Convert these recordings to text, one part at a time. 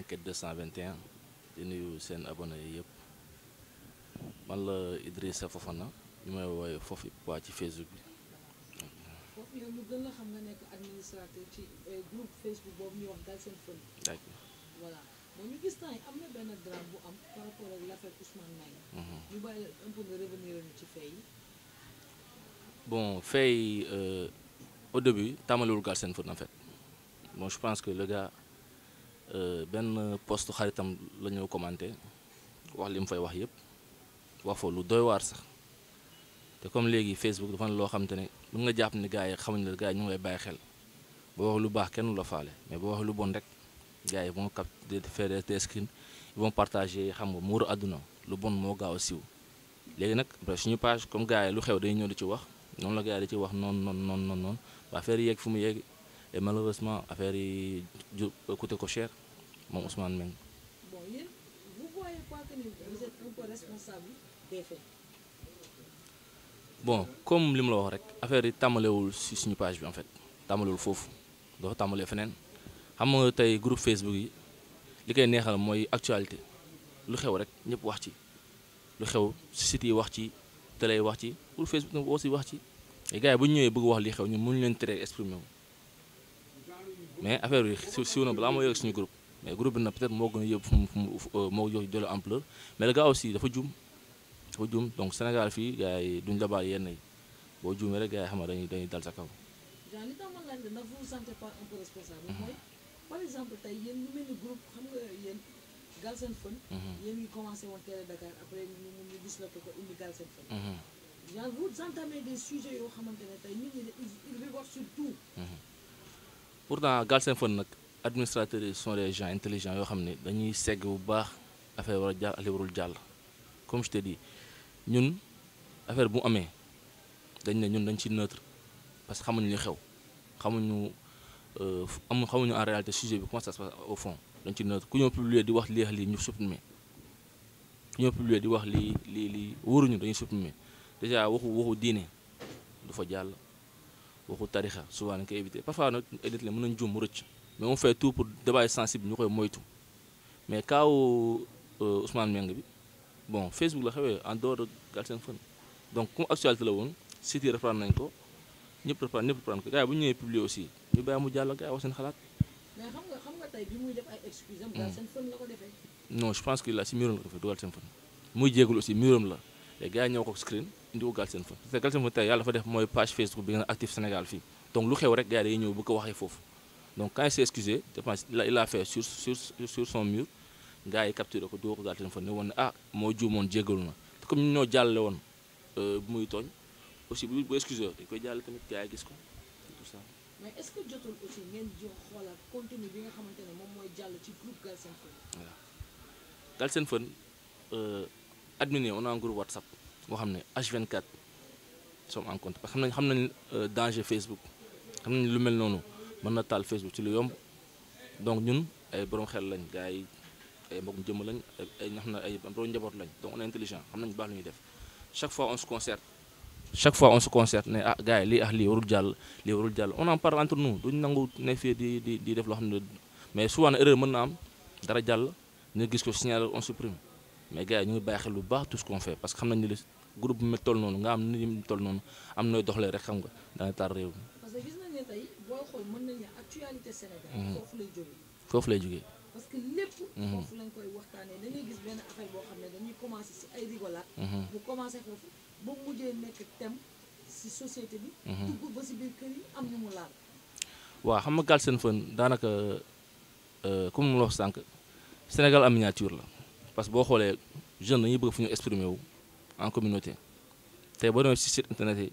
enquête 221 di nuyu seen abonné yi yëpp man la Idrissa Fofana ñu may woowee foofu waa ci Facebook bi. foofu gën la xam nga nekk administrateur ci eh, groupe Facebook boobu ñuy wax Galsen Fun. d'accord voilà bon ñu gis naa am na benn drame bu am par rapport ak l'affaire Ousmane Mbaye. Mhm. ñu bàyyi un peu nga revenir ci fay yi. bon fay euh, au début tàmmalewul Galsen Fun en fait bon je pense que le Euh, benn post xaritam la ñëw commenté wax li mu fay wax yëpp wax fa lu doy waar sax te comme léegi Facebook dafa ne loo xam te ne mën nga jàpp ni gars yi xamuñ la gars yi ñu bàyyi xel boo lu baax kenn la mais boo wax lu bon rek gars yi vont capter faire des screens àdduna lu bon moo gaaw siw léegi nag après suñu page comme gars yi lu xew day ñëw di ci wax noonu la gars yi di ci wax noon noonu noonu noonu noonu ba affaire yi fu mu yegg et malheureusement affaire yi jur coûté ko cher moom Ousmane Meng. bon bon comme li mu la wax rek affaire yi tàmbalewul si suñu page bi en fait tàmbalewul foofu doo tàmbalee feneen xam nga tey groupe Facebook yi li koy neexal mooy actualité lu xew rek ñëpp wax ci lu xew site yi wax ci télé yi wax ci pour Facebook aussi wax ci et gars yi bu ñu ñëwee bëgg wax li xew ñun mënuñ leen tere exprimer wu mais affaire yi si siw na balaa ma yëg suñu group mais groupe bi nag peut-être moo gën a yëpp fu mu fu mu euh, moo jox jël ampleur mais le gars aussi dafa juum dafa juum donc Sénégal fii gars yi duñ la baal yenn yi boo juumee rek gars yi xam nga dañuy dañuy dal sa kaw. genre li tax ma laaj la nag vous vous sentez pas un peu responsable. Mhm. mooy par exemple tey yéen ñu mel ni groupe xam nga yéen Galsen Fun. Mhm. yéen ñu commencé woon télé Dakar après ñu ñu disloqué ko indi Galsen Fun. Mhm. genre vous entamez des sujets yoo xamante ne tey nit ñi ils ils vivent sur tout. pourtant Galsen Fun nag. administrateurs yi sont des gens intelligents yoo xam ne dañuy segg bu baax affaire war a jàll affaire jàll comme je te dis ñun affaire bu amee dañ ne ñun dañ ci neutre parce que xamuñu li xew xamuñu euh, am xamuñu en réalité sujet bi comment ça se au fond dañ ci neutre ku ñoo publier di wax lii lii ñu supprimer ku ñoo publier di wax lii lii lii wóoruñu dañuy supprimer déjà waxu waxu diine du fa jàll waxu tarixa souvent dañ koy éviter parfois nag nit la mën nañ juum mu rëcc mais on fait tout pour débat sensible ñu koy moytu mais kaaw euh, Ousmane Meng bi bon Facebook la xewee en dehors de Galsen Fun donc comme actualité la woon site yi reprendre nañ ko ñëpp reprendre ñëpp reprendre ko gars yi bu ñu ñëwee publier aussi ñu bàyyi mu jàll gars yi wax seen xalaat. mais xam nga xam nga tey bi muy def ay excuses am. Mm. Galsen Fun la ko defee. non je pense que là si miiram la ko defee du Galsen Fun muy jéegul aussi miiram la les gars yi ñëw ko screen indi ko Galsen Fun parce que Galsen Fun tey yàlla dafa def mooy page Facebook bi gën a actif Sénégal fii donc lu xew rek gars yi dañuy ñëw bëgg ko waxee foofu. donc quand il s'est excusé je pense il l'a fait sur sur sur son mur gars yi capturé ko doo ko gaal téléphone ne woon ne ah moo juumoon jéggalu na te comme ñu ñoo jàlle woon euh, bu muy tooñ aussi bu bu excusé dañ koy jàll tamit gars yi gis ko tout ça. mais est-ce que jotul euh, WhatsApp boo xam ne H24 nous sommes en compte parce que xam nañ xam nañ euh, danger Facebook xam nañ lu mel noonu. mën na taal Facebook ci lu yomb donc ñun ay borom xel lañ gars yi ay mbokk jëmm lañ ay ñax na ay borom njaboot lañ donc on est intelligent xam nañu baax lu ñuy def chaque fois on se concerte chaque fois on se concerte ne ah gars yi lii ah lii warul jàll lii warul jàll on en parle entre nous ñu nangu ne fii di di di def loo xam ne mais souvent erreur mën na am dara jàll ñu gis ko signal on supprime mais gars yi ñu ngi bàyyi xel lu baax tout ce qu'on parce que xam nañ ne groupe bi mu toll am nit ñi toll noonu am nooy doxalee rek xam nga dana tar réew mën nañu actualité Sénégal. Mhm. foofu lay jógee. foofu lay jógee. parce que lépp. Mhm. foofu lañ koy waxtaanee da gis benn affaire boo xam ne dañuy commencé si ay rigolade. bu mhm. commencé foofu ba mujjee nekk thème si société bi. dugg ba si biir kër yi am ñu mu laal. waaw xam nga Galsen Fun daanaka euh, comme mu la wax sànq Sénégal am miniature la parce que boo xoolee jeune dañuy bëgg fu ñu exprimer en communauté tey boo demee si site internet yi.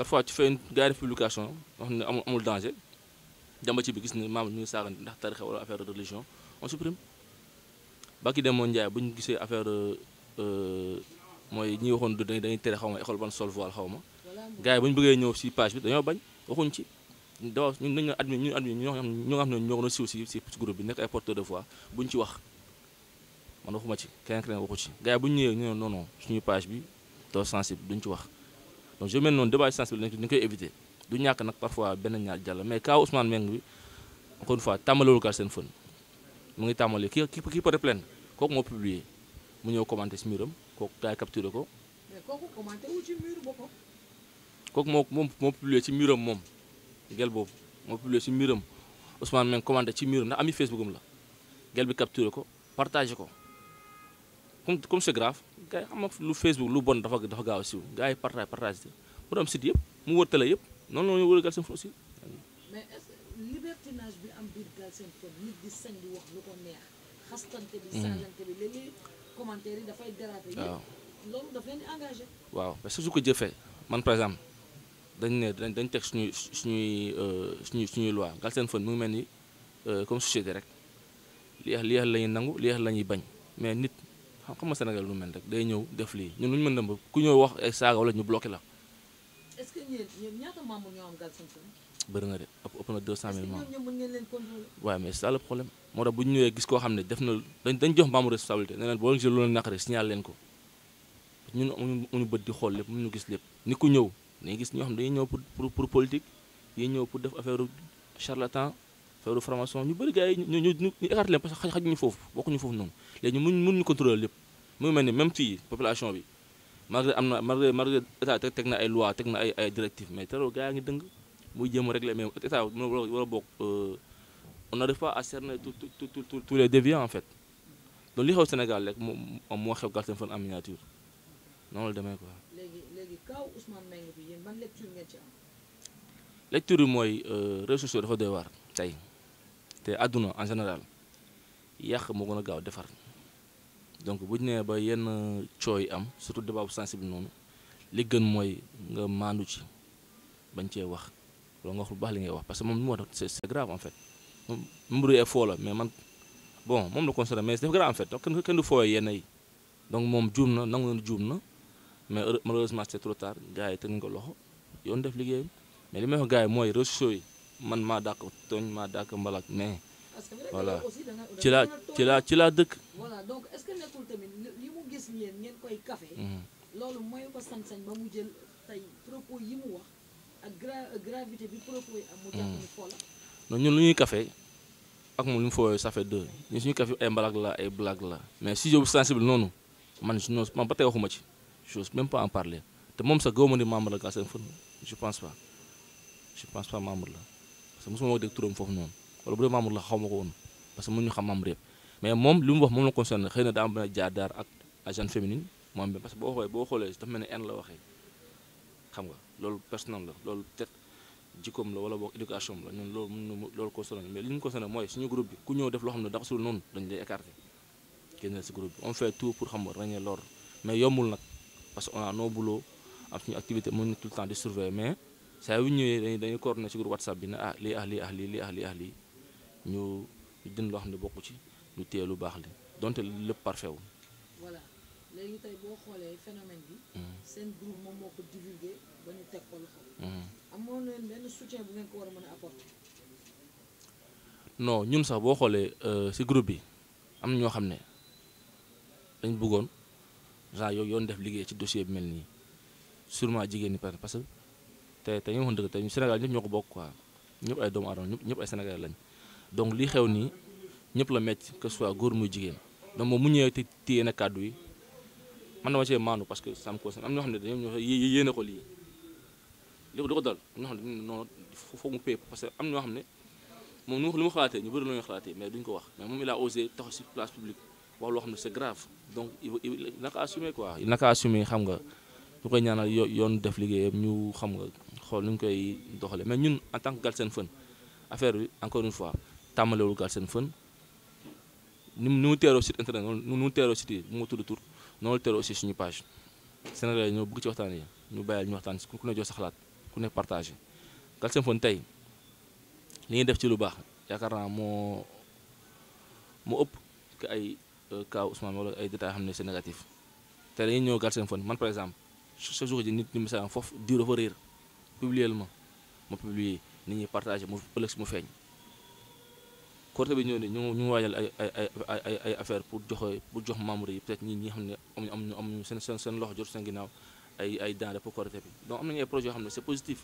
parfois tu fais une gars def publication wax ne amul danger dama ci bi gis ne Mamour ñu ngi ndax tarixa wala affaire de religion on supprime baki demoon Ndiaye bu ñu gisee affaire euh, mooy ñi waxoon du dañuy tere xaw ma école ban sol voile xaw ma gars bu ñu bëggee ñëw si page bi dañoo bañ waxuñ ci dawa ñun nañ admi ñu admi ñoo xam ne ñoo gën a siiw si si groupe bi nekk ay porteur de voix buñ ci wax man waxuma ci keneen keneen waxu ci gars yi bu ñu ñëwee ñu ne non bi doo sensible duñ ci wax donc je mel noonu débat yu sensible dañ koy éviter du ñàkk nag parfois benn ñaar jàll mais cas Ousmane Meng bi kon une fois tàmbalewul kaar seen fën mu ngi tàmbale ki ki porte plainte kooku moo publier mu ñëw commenté si muram kooku gars yi capturé ko. mais ci mur moo moom moo publier ci muram moom gel boobu moo ci muram Ousmane Meng commenté ci muram ndax ami Facebook la gel bi capturé ko partagé ko comme comme c'est grave. gars yi xam nga lu Facebook lu bon dafa dafa gaaw a siiw gars yi partage partage bi mu doon site yëpp mu wërtale yëpp noonu la ñu wër Galsen mm-hmm. yi dafay waaw loolu parce que su ko jëfee man par exemple dañ ne dañ dañ teg suñuy suñuy euh, suñuy suñuy loi Galsen Prod mu ngi mel ni euh, comme société rek li yàlla li yàlla la nangu li yàlla la bañ mais nit. xam nga Sénégal lu mel rek day ñëw def lii ñun lu ñu mën na ba ku ñëw wax ay saaga wala ñu bloqué la. est-ce que de ëpp na 200000 membres est-ce que mais c'est ça problème moo tax bu ñu ñëwee gis koo xam ne def na dañ dañ jox membre responsabilité ne leen boo gisee loolu naqare signal leen ko ñun amuñu amuñu bët di xool lépp amuñu gis lépp ni ku ñëw dañuy gis ñoo xam dañuy ñëw pour pour dañuy ñëw pour def affaire charlatan feebaru formation ñu bëri gars yi ñu ñu ñu écarté leen parce que xajuñu foofu bokkuñu foofu noonu léegi ñu mun ñu contrôler lépp muy mel ni même fii population bi malgré am na malgré malgré état teg na ay loi teg na ay ay directives mais teroo gars yaa ngi dëng muy jéem a régler mais état war a bokk euh, on n'arrive pas à cerner tout tout tout tous les déviants en fait donc li xew Sénégal rek moo moo xew Galsen Fane en miniature noonu la demee quoi. léegi léegi kaw Ousmane Mbengue bi yéen ban lecture ngeen ci am. lecture bi mooy euh, réseaux sociaux dafa doy waar tey. te àdduna en général yàq moo gën a gaaw defar donc bu ñu nee ba yenn cooy am surtout débat bu sensible noonu li gën mooy nga maandu ci bañ cee wax wala nga wax lu baax li ngay wax parce que moom li mu wax c'est grave en fait moom mbiru est foo la mais man bon moom la concerné mais c'est grave en fait donc kenn du fooyee yenn yi donc moom juum na nangu na juum na mais malheureusement c'est trop tard gars yi teg nañ ko loxo yoon def liggéeyam mais li may yi mooy réseaux yi. man maa dàq tooñ maa dàq mbalak mais voilà ci laa ci laa ci laa dëkk. voilà li mu gis ngeen ngeen koy café. Mhm. loolu mooy ko sañ-sañ ba mu jël tey propos yi mu wax ak mhm. ñun lu ñuy kafe ak moom lu mu fooyoo ça fait deux ñun suñu café ay mbalak la ay blague la mais sujet bu sensible noonu man non man ba tey waxuma ci chose même pas en parler te moom sa góobamu ni membre la Galsen Fun je pense pas je pense pas membre la. parce que mosuma ko dégg turam foofu noonu wala bu dee Mamour la xaw ma ko woon parce que mën ñu xam Mame mais moom li mu wax moom la concerné xëy na daa am jaar daar ak agent féminine moom parce que boo xoolee boo xoolee dafa mel ne xam nga loolu personnel la loolu peut-être jikkoom wala boog éducation la ñun loolu mën loolu concerné mais li ñu concerné mooy suñu groupe bi ku ñëw def loo xam ne dafa sul noonu dañ lay écarté génne si groupe bi on fait tout pour xam nga ràññee mais yombul nag parce que on a mais saa yu ñëwee dañuy na ci groupe whatsapp bi na ah lii ah lii ah lii ah ah lii ñu jënd loo xam ne bokku ci ñu téye lu baax li donte lépp parfait wu. voilà léegi tey boo xoolee phénomène bi. Hmm. seen groupe moom moo ko divulgué ba ñu teg ko loxo. Hmm. amoon leen benn soutien bu ngeen ko war a mën a apporter. ñun sax boo xoolee euh, ci groupe bi am na ñoo xam ne dañ bëggoon genre yow yoon def liggéey ci dossier bi mel nii surment jigéen ñi parce que. te te ñu waxoon ñoo ko bokk quoi ñëpp ay doomu aadama ñëpp ay Sénégal lañ donc lii xew nii ñëpp la metti que ce soit góor muy mu ñëwee te téye na kàddu yi man dama cee maandu parce que sam ko am ñoo xam ne dañoo ñoo yéene ko lii li ko di ko dal mu que am ñoo xam ne moom nu li mu xalaatee ñu bëri la ñu xalaatee mais duñ ko wax mais moom il a osé taxaw si place publique wax loo xam ne c'est grave donc il naka assumer quoi il naka assumer xam nga ñu koy ñaanal yoon def liggéeyam ñu xam nga xool nu ñu koy doxalee mais ñun en tant que Galsen Fun affaire bi encore une fois tàmmalewul Galsen Fun ni mu ni mu teeroo site internet ni mu teeroo site yi mu tudd tur noonu la teeroo aussi suñu page Sénégalais ñoo bëgg ci waxtaan yi ñu bàyyil ñu waxtaan ku ne jox sa xalaat ku ne partagé Galsen Fun tey li ñuy def ci lu baax yaakaar naa moo moo ëpp que ay euh, cas Ousmane wala ay détails xam ne c'est négatif te dañuy ñëw Galsen Fun man par exemple chaque jour ji nit ñi misaal foofu diir dafa réer publier ma ma publier nit ñi partagé mu ëllëg mu feeñ côté bi ñëw ne ñu ñu waajal ay ay ay affaire pour joxe pour jox membres yi peut-être ñi ñi xam ne am ñu am ñu seen seen loxo jot seen ginnaaw ay ay denrées pour Korité bi donc am nañu ay projets yoo xam ne c'est positif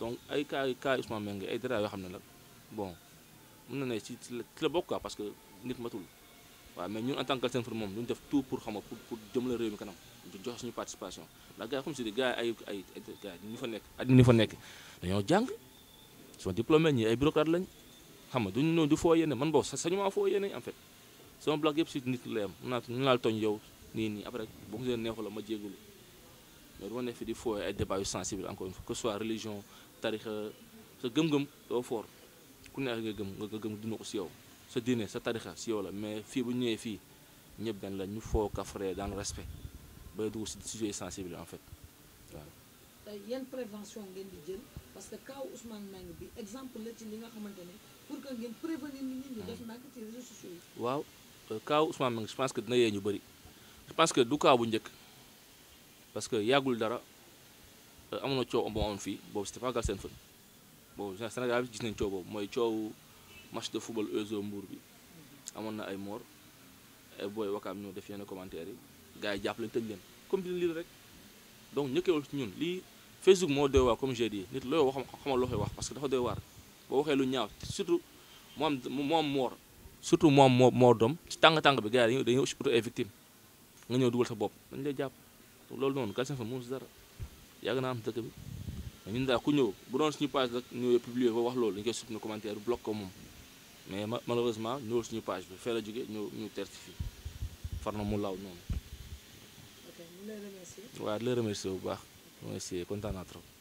donc ay cas cas Ousmane Mbengue ay dara yoo xam ne la bon mën na ne ci ci la bokk parce que nit matul waaw mais ñun en tant que seen far moom ñu def tout pour xam pour jox suñu participation ndax gars yi comme si gars yi ay ay gars yi ñu fa nekk at ñu fa nekk dañoo jàng sont diplômés ñi ay bureaucrate lañ xam nga duñu noonu du foo yéene man boobu sañu maa foo yéene en fait sama blague yëpp si nit la yam naa ñu laal tooñ yow nii nii après bu mu leen neexu ma jégalu mais du ma nekk fi di fooyee ay débats yu sensible encore une fois que ce soit religion tarixa sa gëm-gëm doo foor ku neex nga gëm nga gëm dund ko si yow sa diine sa tarixa si yow la mais fii bu ñu ñëwee fii ñëpp dañ la ñu foo kafree dans le respect bay dugg si sujet sensible en fait waaw. prévention ngeen di jël parce que kaw Ousmane Mbengue bi exemple la ci li nga xamante pour que ngeen prévenir nit ñi def hmm. nag ci réseaux sociaux yi. waaw kaw euh, Ousmane Mbengue je pense que dina yee ñu bëri je pense que du kaw bu njëkk parce que yàggul dara euh, amoon na coow bu amoon fii boobu c'était pas Galsen Fun boobu Sénégal bi gis nañ coow mooy coow match de football Ezo Mbour bi hmm. amoon na ay moor ay ñoo def yenn commentaires yi. gaa yi jàpp leen tëj leen comme bi lii rek donc ñëkkewul ci ñun lii Facebook moo doy waar comme loo wax xamal loo koy wax parce que dafa doy waar boo lu ñaaw surtout mu am mu am moor surtout mu am moo doom ci tàng-tàng bi gars yi dañuy utu ay victime nga ñëw dugal sa dañ lay jàpp loolu noonu Galsen Fane moom si dara yàgg naa am dëkk ku ñëw bu doon suñu page rek ñëwee ko wax loolu dañu koy supprimer commentaire bloqué ko moom mais malheureusement ñëwul suñu page bi fee la jógee ñu ñu terti fii far na mu law noonu waa di la remercier bu baax remercier kontaan naa trop